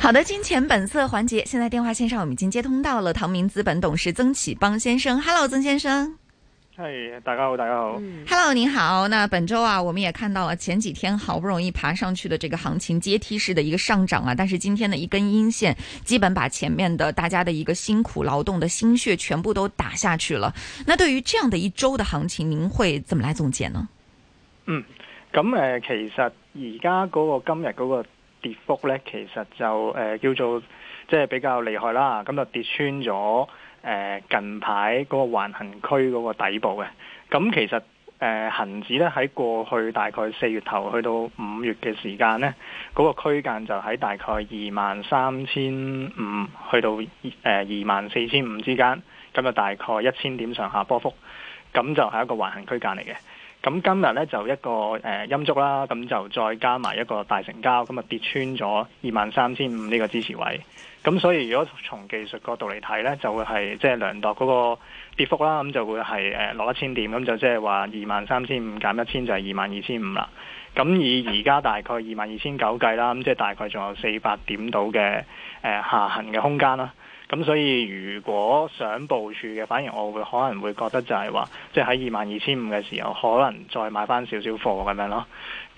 好的，金錢本色環節，現在電話線上我們已經接通到了唐明資本董事曾啟邦先生。Hello，曾先生。嗨、hey，大家好，大家好。Hello，您好。那本周啊，我們也看到了前幾天好不容易爬上去的這個行情，階梯式的一個上漲啊，但是今天的一根陰線，基本把前面的大家的一個辛苦勞動的心血全部都打下去了。那對於這樣的一周的行情，您會怎麼來總結呢？嗯，咁誒、呃，其實而家嗰個今日嗰個。跌幅咧，其實就誒、呃、叫做即係比較厲害啦，咁就跌穿咗誒、呃、近排嗰個橫行區嗰個底部嘅。咁其實誒恆、呃、指咧喺過去大概四月頭去到五月嘅時間咧，嗰、那個區間就喺大概二萬三千五去到誒二萬四千五之間，咁就大概一千點上下波幅，咁就係一個橫行區間嚟嘅。咁今日咧就一個誒陰燭啦，咁就再加埋一個大成交，咁啊跌穿咗二萬三千五呢個支持位。咁所以如果從技術角度嚟睇咧，就會係即係量度嗰個跌幅啦，咁就會係誒、呃、落一千點，咁就即係話二萬三千五減一千就係二萬二千五啦。咁以而家大概二萬二千九計啦，咁即係大概仲有四百點到嘅誒下行嘅空間啦。咁所以如果想部署嘅，反而我會可能會覺得就係話，即係喺二萬二千五嘅時候，可能再買翻少少貨咁樣咯。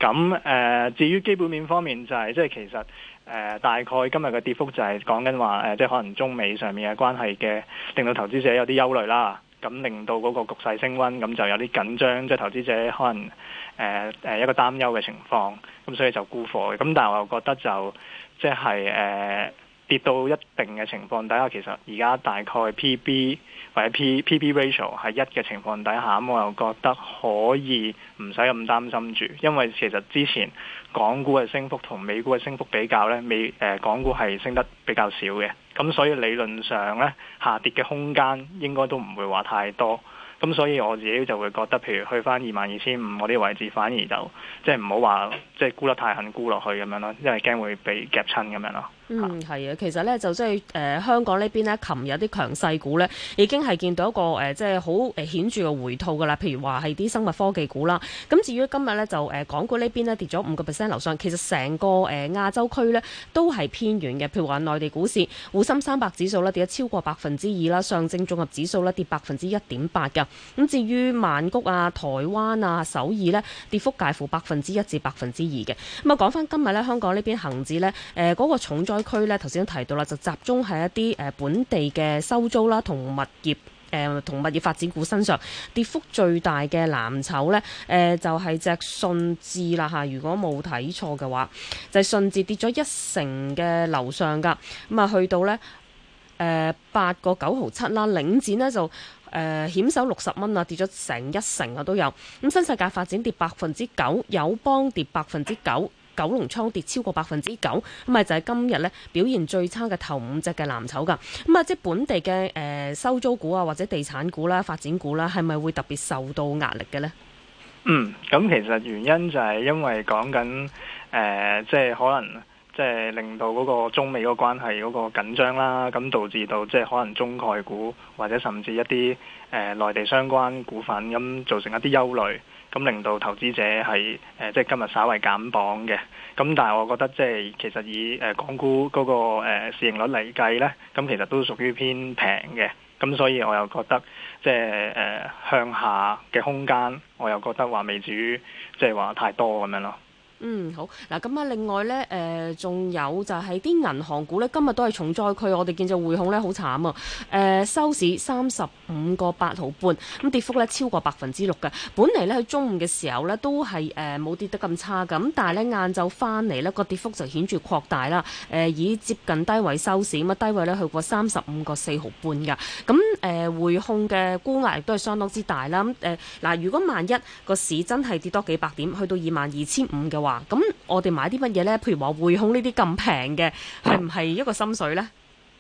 咁誒、呃，至於基本面方面就係、是，即係其實誒、呃、大概今日嘅跌幅就係講緊話誒，即係可能中美上面嘅關係嘅，令到投資者有啲憂慮啦。咁令到嗰個局勢升溫，咁就有啲緊張，即係投資者可能誒誒、呃呃、一個擔憂嘅情況。咁所以就沽貨。咁但係我又覺得就即係誒。呃跌到一定嘅情況底下，其實而家大概 P/B 或者 P P/B ratio 係一嘅情況底下，咁我又覺得可以唔使咁擔心住，因為其實之前港股嘅升幅同美股嘅升幅比較呢，美誒港股係升得比較少嘅，咁所以理論上呢下跌嘅空間應該都唔會話太多。咁所以我自己就會覺得，譬如去返二萬二千五嗰啲位置，反而就即係唔好話即係沽得太狠沽落去咁樣咯，因為驚會被夾親咁樣咯。嗯，係啊，其實咧就即係誒香港呢邊咧，琴日啲強勢股咧已經係見到一個誒、呃、即係好誒顯著嘅回吐噶啦。譬如話係啲生物科技股啦。咁、嗯、至於今日咧就誒、呃、港股呢邊咧跌咗五個 percent 樓上，其實成個誒亞、呃、洲區咧都係偏軟嘅。譬如話內地股市，滬深三百指數咧跌咗超過百分之二啦，上證綜合指數咧跌百分之一點八嘅。咁至於曼谷啊、台灣啊、首爾咧，跌幅介乎百分之一至百分之二嘅。咁啊講翻今日咧，香港呢邊恒指咧誒嗰個重災區呢頭先都提到啦，就集中喺一啲誒本地嘅收租啦，同物業誒同、呃、物業發展股身上，跌幅最大嘅藍籌呢，誒、呃、就係隻信置啦吓，如果冇睇錯嘅話，就係信置跌咗一成嘅樓上噶，咁啊去到呢，誒八個九毫七啦，領展呢就誒險守六十蚊啊，跌咗成一成啊都有，咁新世界發展跌百分之九，友邦跌百分之九。九龍倉跌超過百分之九，咁啊就係今日咧表現最差嘅頭五隻嘅藍籌噶。咁啊，即係本地嘅誒收租股啊，或者地產股啦、發展股啦，係咪會特別受到壓力嘅呢？嗯，咁其實原因就係因為講緊誒，即係可能即係令到嗰個中美嗰個關係嗰個緊張啦，咁導致到即係可能中概股或者甚至一啲誒內地相關股份咁造成一啲憂慮。咁令到投資者係誒、呃、即係今日稍微減磅嘅，咁但係我覺得即係其實以誒港股嗰個、呃、市盈率嚟計咧，咁其實都屬於偏平嘅，咁所以我又覺得即係誒、呃、向下嘅空間，我又覺得話未至於即係話太多咁樣咯。嗯，好嗱，咁啊，另外咧，誒、呃，仲有就係啲銀行股咧，今日都係重災區。我哋見到匯控咧，好慘啊！誒，收市三十五個八毫半，咁跌幅咧超過百分之六嘅。本嚟咧，佢中午嘅時候咧都係誒冇跌得咁差嘅咁，但係咧晏晝翻嚟呢個跌幅就顯著擴大啦。誒、呃，以接近低位收市，咁啊低位咧去過三十五個四毫半嘅。咁誒，匯控嘅沽壓亦都係相當之大啦。咁誒嗱，如果萬一個市真係跌多幾百點，去到二萬二千五嘅話。咁、啊、我哋買啲乜嘢呢？譬如話匯控呢啲咁平嘅，係唔係一個心水呢？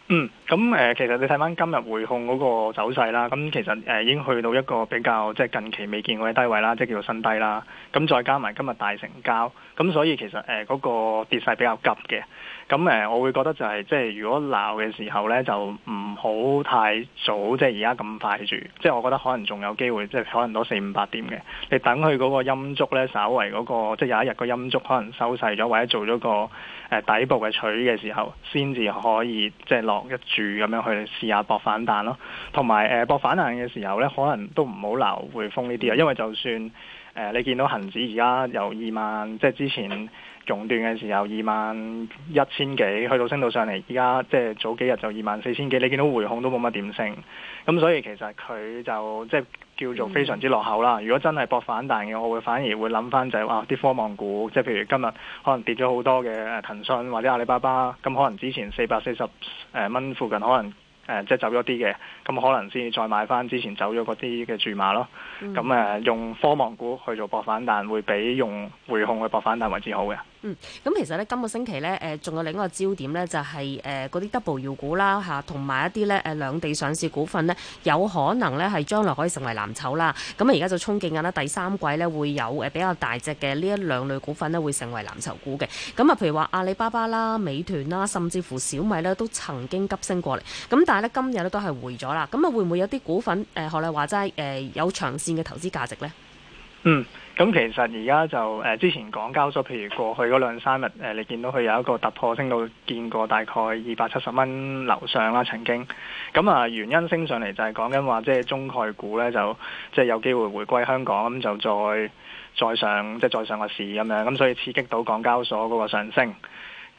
嗯，咁、嗯、誒，其實你睇翻今日匯控嗰個走勢啦，咁、嗯、其實誒、嗯、已經去到一個比較即係近期未見過嘅低位啦，即係叫做新低啦。咁、嗯、再加埋今日大成交，咁、嗯、所以其實誒嗰、嗯那個跌勢比較急嘅。咁、嗯、誒，我會覺得就係、是、即係如果鬧嘅時候咧，就唔好太早，即係而家咁快住。即係我覺得可能仲有機會，即係可能多四五百點嘅。你等佢嗰個陰燭咧，稍微嗰、那個即係有一日個陰燭可能收細咗，或者做咗個誒底部嘅取嘅時候，先至可以即係一住咁樣去試下搏反彈咯，同埋誒搏反彈嘅時候呢，可能都唔好留匯豐呢啲啊，因為就算誒你見到恒指而家由二萬，即係之前熔斷嘅時候二萬一千幾，去到升到上嚟，而家即係早幾日就二萬四千幾，你見到匯控都冇乜點升，咁所以其實佢就即係。叫做非常之落後啦。如果真係博反彈嘅，我會反而會諗翻就係話啲科網股，即係譬如今日可能跌咗好多嘅誒、啊、騰訊或者阿里巴巴，咁、嗯、可能之前四百四十誒蚊附近可能誒、呃、即係走咗啲嘅，咁、嗯、可能先再買翻之前走咗嗰啲嘅注碼咯。咁、嗯、誒、嗯嗯嗯、用科網股去做博反彈，會比用匯控去博反彈為之好嘅。嗯，咁其實咧，今個星期咧，誒，仲有另一個焦點咧，就係誒嗰啲 Double 搖股啦，嚇，同埋一啲咧誒兩地上市股份呢，有可能咧係將來可以成為藍籌啦。咁啊，而家就憧憬緊啦，第三季咧會有誒比較大隻嘅呢一兩類股份咧會成為藍籌股嘅。咁啊，譬如話阿里巴巴啦、美團啦，甚至乎小米咧都曾經急升過嚟。咁但係咧今日咧都係回咗啦。咁啊，會唔會有啲股份誒，學你話齋誒有長線嘅投資價值咧？嗯，咁其實而家就誒、呃、之前港交所，譬如過去嗰兩三日誒、呃，你見到佢有一個突破，升到見過大概二百七十蚊樓上啦、啊，曾經。咁、嗯、啊、呃，原因升上嚟就係講緊話，即係中概股呢，就即係有機會回歸香港，咁就再再上，即係再上個市咁樣，咁、嗯、所以刺激到港交所嗰個上升。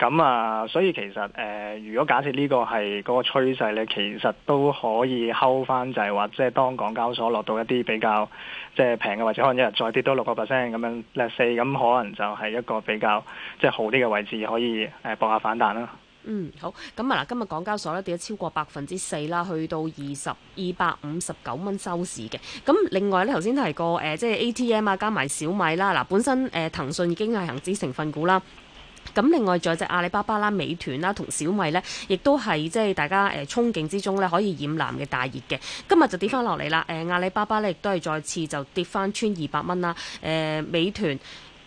咁啊，所以其實誒，如果假設呢個係嗰個趨勢咧，其實都可以 hold 翻，就係話即係當港交所落到一啲比較即係平嘅，或者可能一日再跌多六個 percent 咁樣 last 四，咁可能就係一個比較即係好啲嘅位置，可以誒搏下反彈啦。嗯，好，咁啊嗱，今日港交所咧跌咗超過百分之四啦，去到二十二百五十九蚊收市嘅。咁另外咧，頭先提過誒、呃，即係 ATM 啊，加埋小米啦，嗱、呃、本身誒、呃、騰訊已經係恆指成分股啦。咁另外仲有隻阿里巴巴啦、美團啦同小米呢，亦都係即係大家誒、呃、憧憬之中呢可以染藍嘅大熱嘅。今日就跌翻落嚟啦。誒、呃、阿里巴巴呢，亦都係再次就跌翻穿二百蚊啦。誒、呃、美團誒、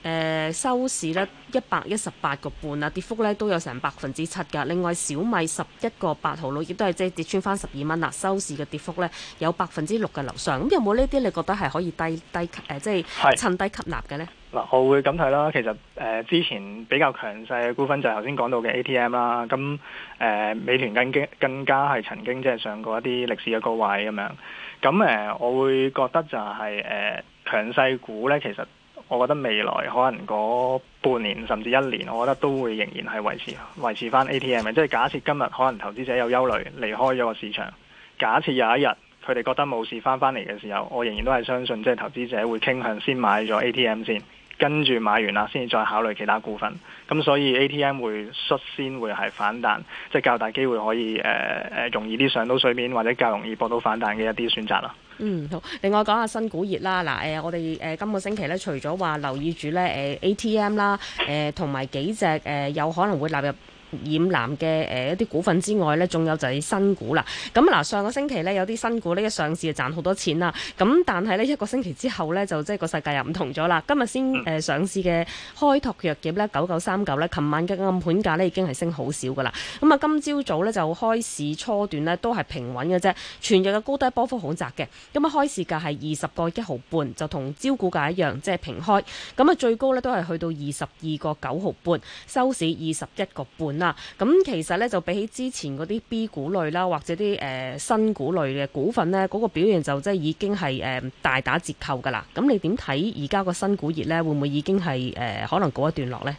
呃、收市呢，一百一十八個半啦，跌幅呢，跌幅呢都有成百分之七㗎。另外小米十一個八毫六亦都係即係跌穿翻十二蚊啦，收市嘅跌幅呢，有百分之六嘅樓上。咁、嗯、有冇呢啲你覺得係可以低低誒、呃、即係是趁低吸納嘅呢？嗱，我會咁睇啦。其實誒、呃、之前比較強勢嘅股份就係頭先講到嘅 ATM 啦、啊。咁誒美團更更加係曾經即係上過一啲歷史嘅高位咁樣。咁、啊、誒我會覺得就係誒強勢股呢。其實我覺得未來可能嗰半年甚至一年，我覺得都會仍然係維持維持返 ATM 嘅。即係假設今日可能投資者有憂慮離開咗個市場，假設有一日佢哋覺得冇事返返嚟嘅時候，我仍然都係相信即係投資者會傾向先買咗 ATM 先。跟住買完啦，先至再考慮其他股份。咁所以 ATM 會率先會係反彈，即係較大機會可以誒誒、呃、容易啲上到水面，或者較容易搏到反彈嘅一啲選擇啦。嗯，好。另外講下新股熱啦。嗱，誒我哋誒、呃、今個星期咧，除咗話留意住咧誒 ATM 啦，誒同埋幾隻誒有可能會納入。染藍嘅誒、呃、一啲股份之外呢，仲有就係新股啦。咁、嗯、嗱，上個星期呢，有啲新股呢一上市就賺好多錢啦。咁但係呢，一個星期之後呢，就即係個世界又唔同咗啦。今日先誒、呃、上市嘅開拓藥業呢，九九三九呢，琴晚嘅暗盤價呢已經係升好少㗎啦。咁、嗯、啊，今朝早，早呢，就開市初段呢都係平穩嘅啫，全日嘅高低波幅好窄嘅。咁、嗯、啊，開市價係二十個一毫半，就同招股價一樣，即、就、係、是、平開。咁、嗯、啊，最高呢都係去到二十二個九毫半，收市二十一個半。嗱，咁其實咧就比起之前嗰啲 B 股類啦，或者啲誒、呃、新股類嘅股份咧，嗰、那個表現就即係已經係誒、呃、大打折扣噶啦。咁你點睇而家個新股熱咧，會唔會已經係誒、呃、可能告一段落咧？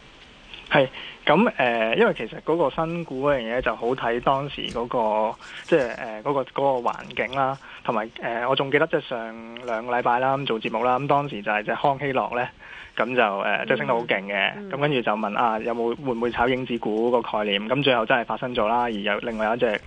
係，咁誒、呃，因為其實嗰個新股嗰樣嘢就好睇當時嗰、那個即係誒嗰個嗰、那個、環境啦，同埋誒我仲記得即係上兩個禮拜啦，咁做節目啦，咁當時就係即係康希諾咧。咁就誒、呃，即係升到好勁嘅，咁、嗯嗯、跟住就問啊，有冇會唔會炒影子股個概念？咁最後真係發生咗啦，而有另外一隻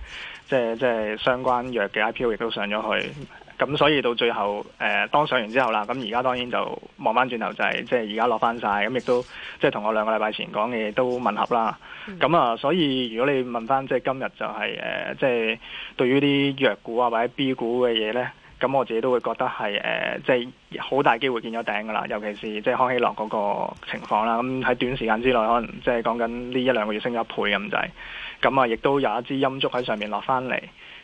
即係即係相關藥嘅 IPO 亦都上咗去，咁所以到最後誒、呃，當上完之後啦，咁而家當然就望翻轉頭就係、是、即係而家落翻晒。咁亦都即係同我兩個禮拜前講嘅嘢都吻合啦。咁、嗯、啊，所以如果你問翻即係今日就係誒，即係、就是呃、對於啲藥股啊或者 B 股嘅嘢咧？咁我自己都會覺得係誒，即係好大機會見咗頂噶啦，尤其是即係康希諾嗰個情況啦。咁、嗯、喺短時間之內，可能即係講緊呢一兩個月升咗一倍咁滯。咁、嗯、啊，亦都有一支陰燭喺上面落翻嚟。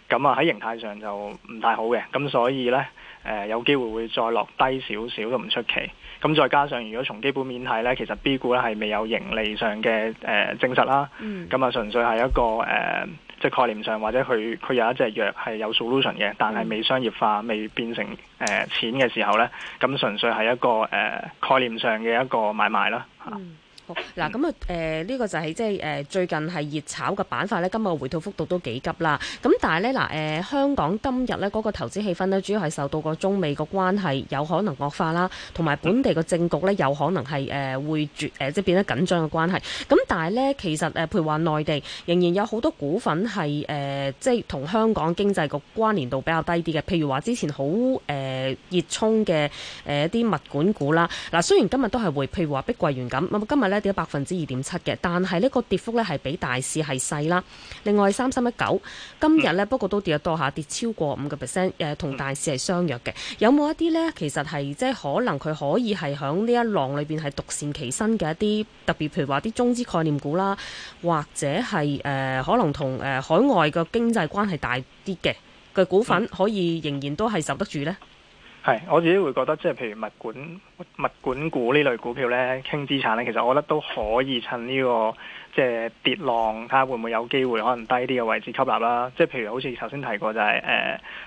咁、嗯、啊，喺形態上就唔太好嘅。咁所以呢，誒、呃、有機會會再落低少少都唔出奇。咁、嗯嗯、再加上如果從基本面睇呢，其實 B 股咧係未有盈利上嘅誒、呃、證實啦。嗯。咁啊、嗯，純粹係一個誒。呃即概念上，或者佢佢有一隻藥係有 solution 嘅，但係未商業化、未變成誒錢嘅時候咧，咁純粹係一個誒、呃、概念上嘅一個買賣啦，嚇、嗯。嗱咁啊，誒呢、呃這個就係即係誒最近係熱炒嘅板塊咧，今日回吐幅度都幾急啦。咁但係咧嗱，誒、呃、香港今日咧嗰個投資氣氛咧，主要係受到個中美個關係有可能惡化啦，同埋本地個政局咧有可能係誒、呃、會絕誒、呃、即係變得緊張嘅關係。咁但係咧，其實誒、呃、譬如話內地仍然有好多股份係誒、呃、即係同香港經濟個關聯度比較低啲嘅，譬如話之前好誒熱衷嘅誒一啲物管股啦。嗱、呃，雖然今日都係會譬如話碧桂園咁，咁今日咧。跌咗百分之二點七嘅，但係呢個跌幅咧係比大市係細啦。另外三三一九今日咧不過都跌得多下，跌超過五個 percent，誒同大市係相若嘅。有冇一啲咧，其實係即係可能佢可以係響呢一浪裏邊係獨善其身嘅一啲，特別譬如話啲中資概念股啦，或者係誒、呃、可能同誒海外嘅經濟關係大啲嘅嘅股份，可以仍然都係受得住呢？係，我自己會覺得即係譬如物管物管股呢類股票呢，傾資產呢，其實我覺得都可以趁呢個即係跌浪，睇下會唔會有機會可能低啲嘅位置吸納啦。即係譬如好似頭先提過就係誒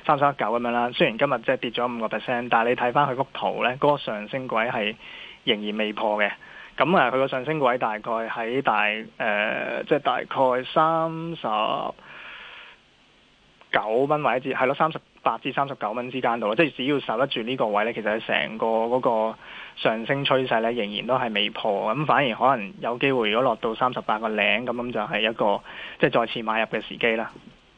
三三一九咁樣啦。雖然今日即係跌咗五個 percent，但係你睇翻佢幅圖呢，嗰個上升軌係仍然未破嘅。咁啊，佢個上升軌大概喺大誒，即係大概三十九蚊或者至，係咯，三十八至三十九蚊之間度，即係只要守得住呢個位呢，其實成個嗰個上升趨勢呢，仍然都係未破，咁反而可能有機會，如果落到三十八個零咁，就係一個即係再次買入嘅時機啦。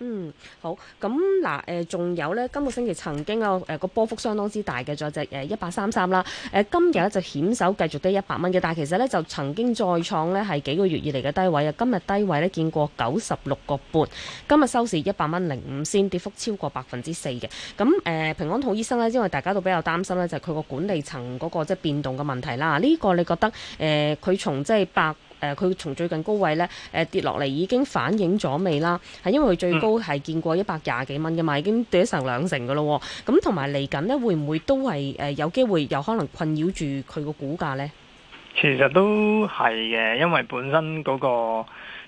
嗯，好。咁嗱，誒仲有呢？今個星期曾經啊，誒、呃、個波幅相當之大嘅，仲有隻誒一八三三啦。誒今日呢，就險手繼續低一百蚊嘅，但係其實呢，就曾經再創呢係幾個月以嚟嘅低位啊。今日低位呢，見過九十六個半，今日收市一百蚊零五仙，跌幅超過百分之四嘅。咁誒、嗯呃、平安好醫生呢，因為大家都比較擔心呢，就佢個管理層嗰、那個即係、就是、變動嘅問題啦。呢、這個你覺得誒佢、呃、從即係百？誒，佢、呃、從最近高位咧，誒、呃、跌落嚟已經反映咗未啦？係因為佢最高係見過一百廿幾蚊嘅嘛，已經跌成兩成嘅咯、哦。咁同埋嚟緊咧，會唔會都係誒、呃、有機會有可能困擾住佢個股價呢？其實都係嘅，因為本身嗰、那個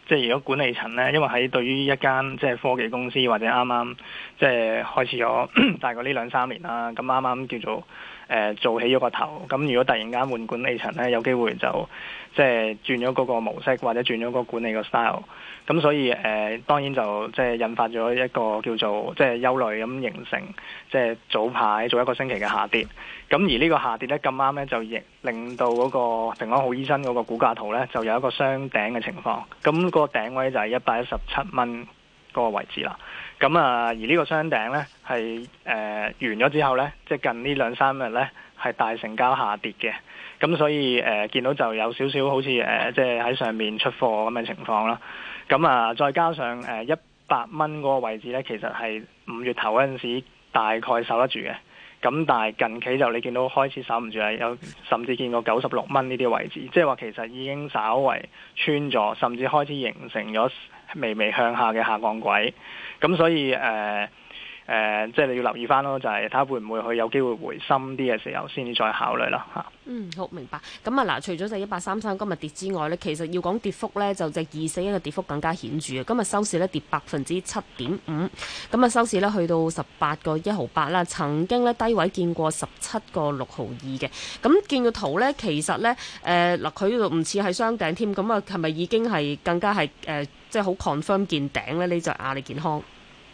即係、就是、如果管理層呢，因為喺對於一間即係科技公司或者啱啱即係開始咗 大概呢兩三年啦，咁啱啱叫做誒、呃、做起咗個頭，咁如果突然間換管理層呢，有機會就。即係轉咗嗰個模式，或者轉咗個管理個 style，咁所以誒、呃、當然就即係引發咗一個叫做即係憂慮咁形成，即係早排做一個星期嘅下跌，咁而呢個下跌咧咁啱咧就亦令到嗰個平安好醫生嗰個股價圖咧就有一個雙頂嘅情況，咁個頂位就係一百一十七蚊嗰個位置啦，咁啊而呢個雙頂咧係誒完咗之後咧，即係近呢兩三日咧係大成交下跌嘅。咁所以誒、呃、見到就有少少好似誒、呃、即係喺上面出貨咁嘅情況啦。咁、嗯、啊，再加上誒一百蚊嗰個位置咧，其實係五月頭嗰陣時大概守得住嘅。咁但係近期就你見到開始守唔住啦，有甚至見過九十六蚊呢啲位置，即係話其實已經稍為穿咗，甚至開始形成咗微微向下嘅下降軌。咁所以誒。呃誒，即係你要留意翻咯，就係睇下會唔會佢有機會回深啲嘅時候，先至再考慮啦嚇。嗯，好明白。咁啊，嗱，除咗就一八三三今日跌之外咧，其實要講跌幅咧，就隻二四一嘅跌幅更加顯著啊！今日收市咧跌百分之七點五，咁啊收市咧去到十八個一毫八啦，曾經咧低位見過十七個六毫二嘅。咁見個圖咧，其實咧，誒、呃、嗱，佢呢度唔似係雙頂添，咁啊係咪已經係更加係誒、呃，即係好 confirm 見頂咧？呢隻阿里健康。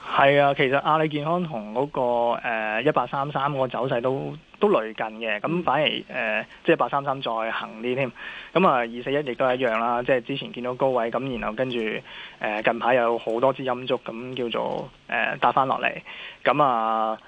係啊，其實阿里健康同嗰、那個誒，一八三三個走勢都都類近嘅，咁反而誒、呃、即係一八三三再行啲添，咁啊二四一亦都一樣啦，即係之前見到高位，咁然後跟住誒、呃、近排有好多支陰燭，咁叫做誒、呃、打翻落嚟，咁啊、呃、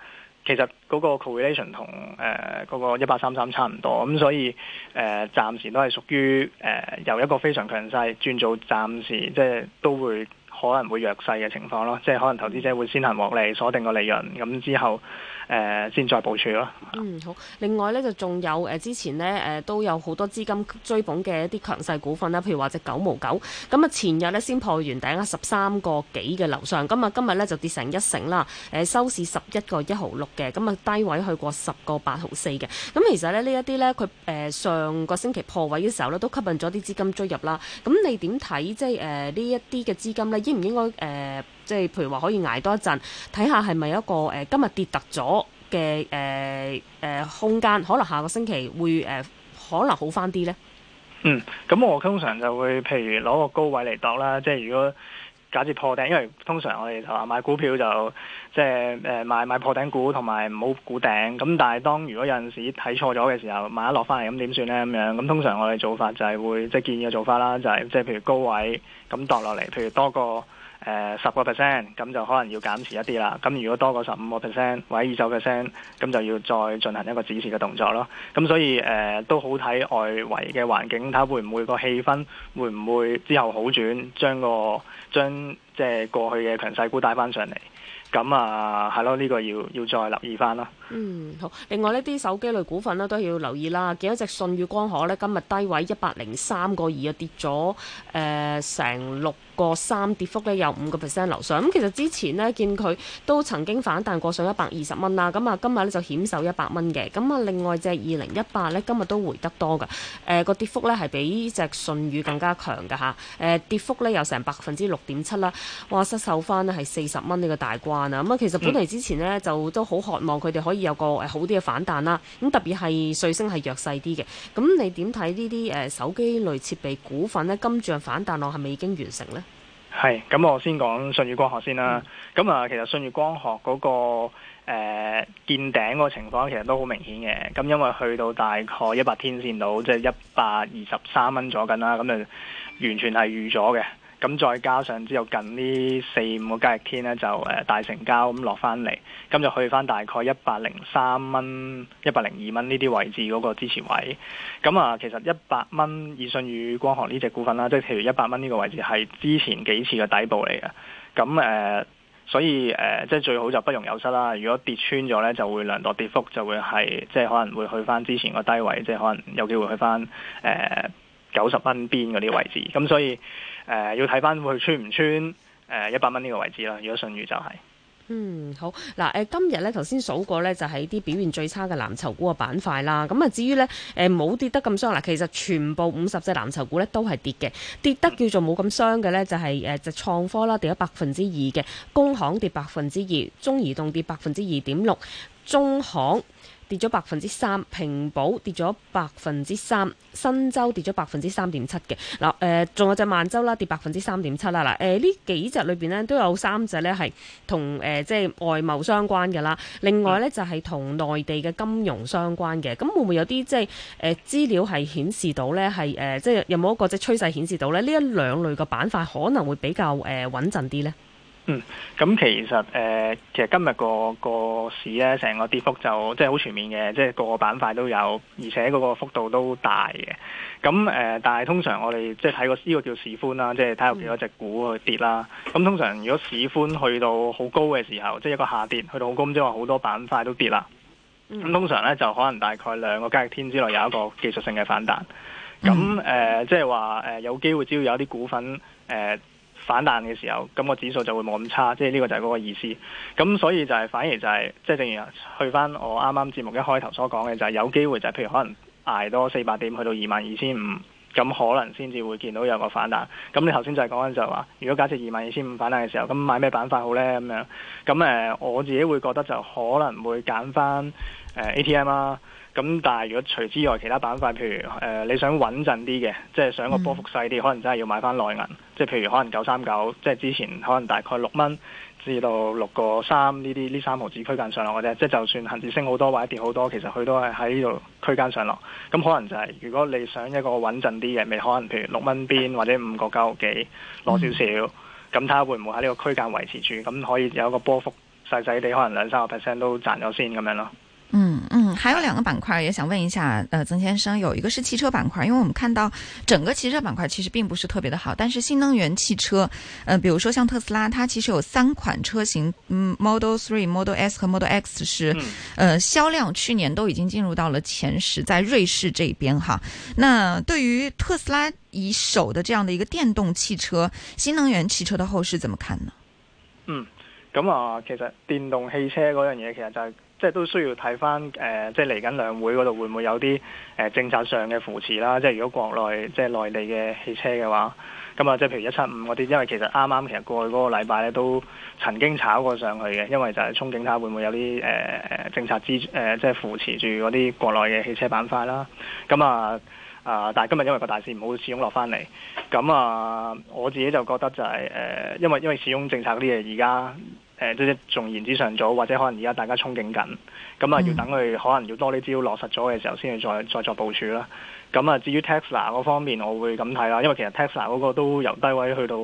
其實嗰個 correlation 同誒嗰個一八三三差唔多，咁所以誒、呃、暫時都係屬於誒、呃、由一個非常強勢轉做暫時，即係都會。可能會弱勢嘅情況咯，即係可能投資者會先行獲利，鎖定個利潤咁之後。誒先再部署咯。嗯，好。另外咧就仲有誒之前呢誒、呃、都有好多資金追捧嘅一啲強勢股份啦，譬如話隻九毛九。咁、嗯、啊前日呢，先破完頂啊十三個幾嘅樓上。咁、嗯、啊今日咧就跌成一成啦。誒、呃、收市十一個一毫六嘅。咁、嗯、啊低位去過十個八毫四嘅。咁、嗯、其實咧呢一啲咧佢誒上個星期破位嘅時候咧都吸引咗啲資金追入啦。咁、嗯、你點睇？即係誒呢一啲嘅資金咧應唔應該誒？呃即係譬如話可以挨多一陣，睇下係咪一個誒、呃、今日跌突咗嘅誒誒空間，可能下個星期會誒、呃、可能好翻啲呢？嗯，咁我通常就會譬如攞個高位嚟度啦，即係如果假設破頂，因為通常我哋就話買股票就即係誒、呃、買買破頂股同埋唔好估頂。咁但係當如果有陣時睇錯咗嘅時候買一落翻嚟，咁點算呢？咁樣咁通常我哋做法就係會即係建議嘅做法啦，就係即係譬如高位咁度落嚟，譬如多個。誒十個 percent 咁就可能要減持一啲啦。咁如果多過十五個 percent 或者二十 percent，咁就要再進行一個指示嘅動作咯。咁所以誒、呃、都好睇外圍嘅環境，睇會唔會個氣氛會唔會之後好轉，將個將即係過去嘅強勢股帶翻上嚟。咁啊係咯，呢、呃這個要要再留意翻啦。嗯，好。另外呢啲手機類股份呢、啊，都要留意啦。見一隻舜宇光學呢，今日低位一百零三個二啊，跌咗誒成六。個三，跌幅咧有五個 percent 樓上，咁，其實之前呢，見佢都曾經反彈過上一百二十蚊啦，咁啊今日咧就險守一百蚊嘅。咁啊另外隻二零一八呢，今日都回得多嘅，誒、呃、個跌幅呢，係比隻舜宇更加強嘅嚇，誒、呃、跌幅呢，有成百分之六點七啦，哇，失守翻咧係四十蚊呢個大關啊，咁啊其實本嚟之前呢，嗯、就都好渴望佢哋可以有個誒好啲嘅反彈啦，咁特別係瑞聲係弱勢啲嘅，咁你點睇呢啲誒手機類設備股份呢？今仗反彈浪係咪已經完成呢？係，咁我先講舜宇光學先啦。咁啊、嗯，其實舜宇光學嗰、那個誒、呃、見頂個情況，其實都好明顯嘅。咁因為去到大概一百天線度，即係一百二十三蚊左近啦，咁就完全係預咗嘅。咁再加上之後近呢四五個交易天呢，就誒、呃、大成交咁落翻嚟，咁就去翻大概一百零三蚊、一百零二蚊呢啲位置嗰個支持位。咁啊，其實一百蚊，以信與光學呢隻股份啦，即係譬如一百蚊呢個位置係之前幾次嘅底部嚟嘅。咁誒、呃，所以誒、呃，即係最好就不容有失啦。如果跌穿咗呢，就會量度跌幅，就會係即係可能會去翻之前個低位，即係可能有機會去翻誒九十蚊邊嗰啲位置。咁所以。誒、呃，要睇翻會穿唔穿誒一百蚊呢個位置啦。如果信譽就係、是，嗯好嗱。誒、呃、今日咧，頭先數過咧，就係、是、啲表現最差嘅藍籌股嘅板塊啦。咁啊，至於咧，誒、呃、冇跌得咁傷嗱。其實全部五十隻藍籌股咧都係跌嘅，跌得叫做冇咁傷嘅咧就係、是，誒、呃、就創科啦跌咗百分之二嘅，工行跌百分之二，中移動跌百分之二點六，中行，跌咗百分之三，平保跌咗百分之三，新州跌咗百分之三點七嘅嗱，誒，仲、呃、有隻萬州啦，跌百分之三點七啦嗱，誒，呢、呃、幾隻裏邊咧都有三隻咧係同誒即係外貿相關嘅啦，另外咧就係同內地嘅金融相關嘅，咁會唔會有啲即係誒資料係顯示到咧係誒即係有冇一個即係趨勢顯示到咧呢一兩類嘅板塊可能會比較誒穩陣啲咧？呃嗯，咁其實誒、呃，其實今日個個市咧，成個跌幅就即係好全面嘅，即係個個板塊都有，而且嗰個幅度都大嘅。咁誒、呃，但係通常我哋即係睇個呢、這個叫市寬啦，即係睇有幾多隻股去跌啦。咁通常如果市寬去到好高嘅時候，即係一個下跌去到好高，咁即係話好多板塊都跌啦。咁、嗯、通常咧就可能大概兩個交易天之內有一個技術性嘅反彈。咁誒、呃，即係話誒，有機會只要有啲股份誒。呃反彈嘅時候，咁個指數就會冇咁差，即係呢個就係嗰個意思。咁所以就係反而就係，即係正如去翻我啱啱節目一開頭所講嘅，就係有機會就係譬如可能捱多四百點去到二萬二千五。咁可能先至會見到有個反彈。咁你頭先就係講緊就話，如果假設二萬二千五反彈嘅時候，咁買咩板塊好呢？咁樣咁誒、呃，我自己會覺得就可能會揀翻、呃、ATM 啦、啊。咁但係如果除之外其他板塊，譬如誒、呃、你想穩陣啲嘅，即係想個波幅細啲，可能真係要買翻內銀，即係譬如可能九三九，即係之前可能大概六蚊。至到六個三呢啲呢三毫子區間上落嘅啫，即係就算恒指升好多或者跌好多，其實佢都係喺呢度區間上落。咁可能就係、是、如果你想一個穩陣啲嘅，咪可能譬如六蚊邊或者五個九幾攞少少，咁睇下會唔會喺呢個區間維持住，咁可以有一個波幅細細地，可能兩三個 percent 都賺咗先咁樣咯。嗯嗯。嗯。還有兩個板塊也想問一下，呃，曾先生，有一個是汽車板塊，因為我們看到整個汽車板塊其實並不是特別的好，但是新能源汽車，呃，比如說像特斯拉，它其實有三款車型，嗯，Model 3、Model S 和 Model X 是、嗯，呃，銷量去年都已經進入到了前十，在瑞士這邊哈。那對於特斯拉以手的這樣的一個電動汽車、新能源汽車的後市怎麼看呢？嗯，咁啊，呃，其實電動汽車嗰樣嘢，其實就係、是。即係都需要睇翻誒，即係嚟緊兩會嗰度會唔會有啲誒、呃、政策上嘅扶持啦？即係如果國內即係內地嘅汽車嘅話，咁啊，即係譬如一七五嗰啲，因為其實啱啱其實過去嗰個禮拜咧都曾經炒過上去嘅，因為就係憧憬睇下會唔會有啲誒誒政策支誒、呃，即係扶持住嗰啲國內嘅汽車板塊啦。咁啊啊，但係今日因為個大市唔好始終落翻嚟，咁啊、呃，我自己就覺得就係、是、誒、呃，因為因為始終政策啲嘢而家。誒、呃、即係仲言之尚早，或者可能而家大家憧憬緊，咁啊要等佢可能要多啲資料落實咗嘅時候，先去再再作部署啦。咁啊至於 Tesla 嗰方面，我會咁睇啦，因為其實 Tesla 嗰個都由低位去到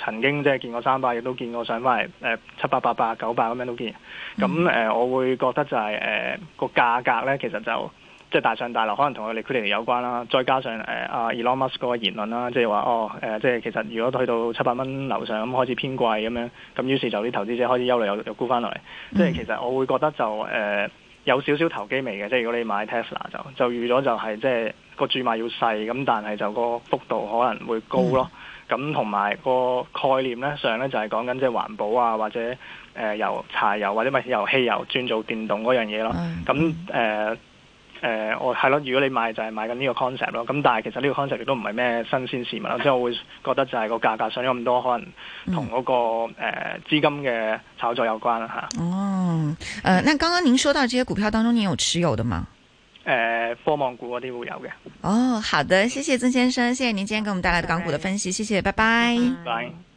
曾經即係見過三百，亦都見過上翻嚟誒七八八八九百咁樣都見。咁誒、嗯呃，我會覺得就係、是、誒、呃、個價格咧，其實就。即係大上大落，可能同佢哋佢哋有關啦。再加上誒阿、呃、Elon Musk 嗰個言論啦，即係話哦誒，即、呃、係其實如果去到七百蚊樓上咁，開始偏貴咁樣，咁於是就啲投資者開始憂慮，又又沽翻落嚟。即、就、係、是、其實我會覺得就誒、呃、有少少投機味嘅。即、就、係、是、如果你買 Tesla 就就預咗就係即係個注碼要細咁，但係就個幅度可能會高咯。咁同埋個概念咧上咧就係講緊即係環保啊，或者誒、呃、由柴油或者咪由汽油轉做電動嗰樣嘢咯。咁、呃、誒。呃呃誒，我係咯，如果你買就係、是、買緊呢個 concept 咯，咁但係其實呢個 concept 亦都唔係咩新鮮事物啦，即係我會覺得就係個價格上咗咁多，可能同嗰、那個誒資、呃、金嘅炒作有關啦吓。啊、哦，誒、呃，那剛剛您說到這些股票當中，您有持有的嗎？誒、呃，科網股嗰啲會有嘅。哦，好的，謝謝曾先生，謝謝您今天給我們帶來的港股的分析，謝謝，拜拜，拜拜。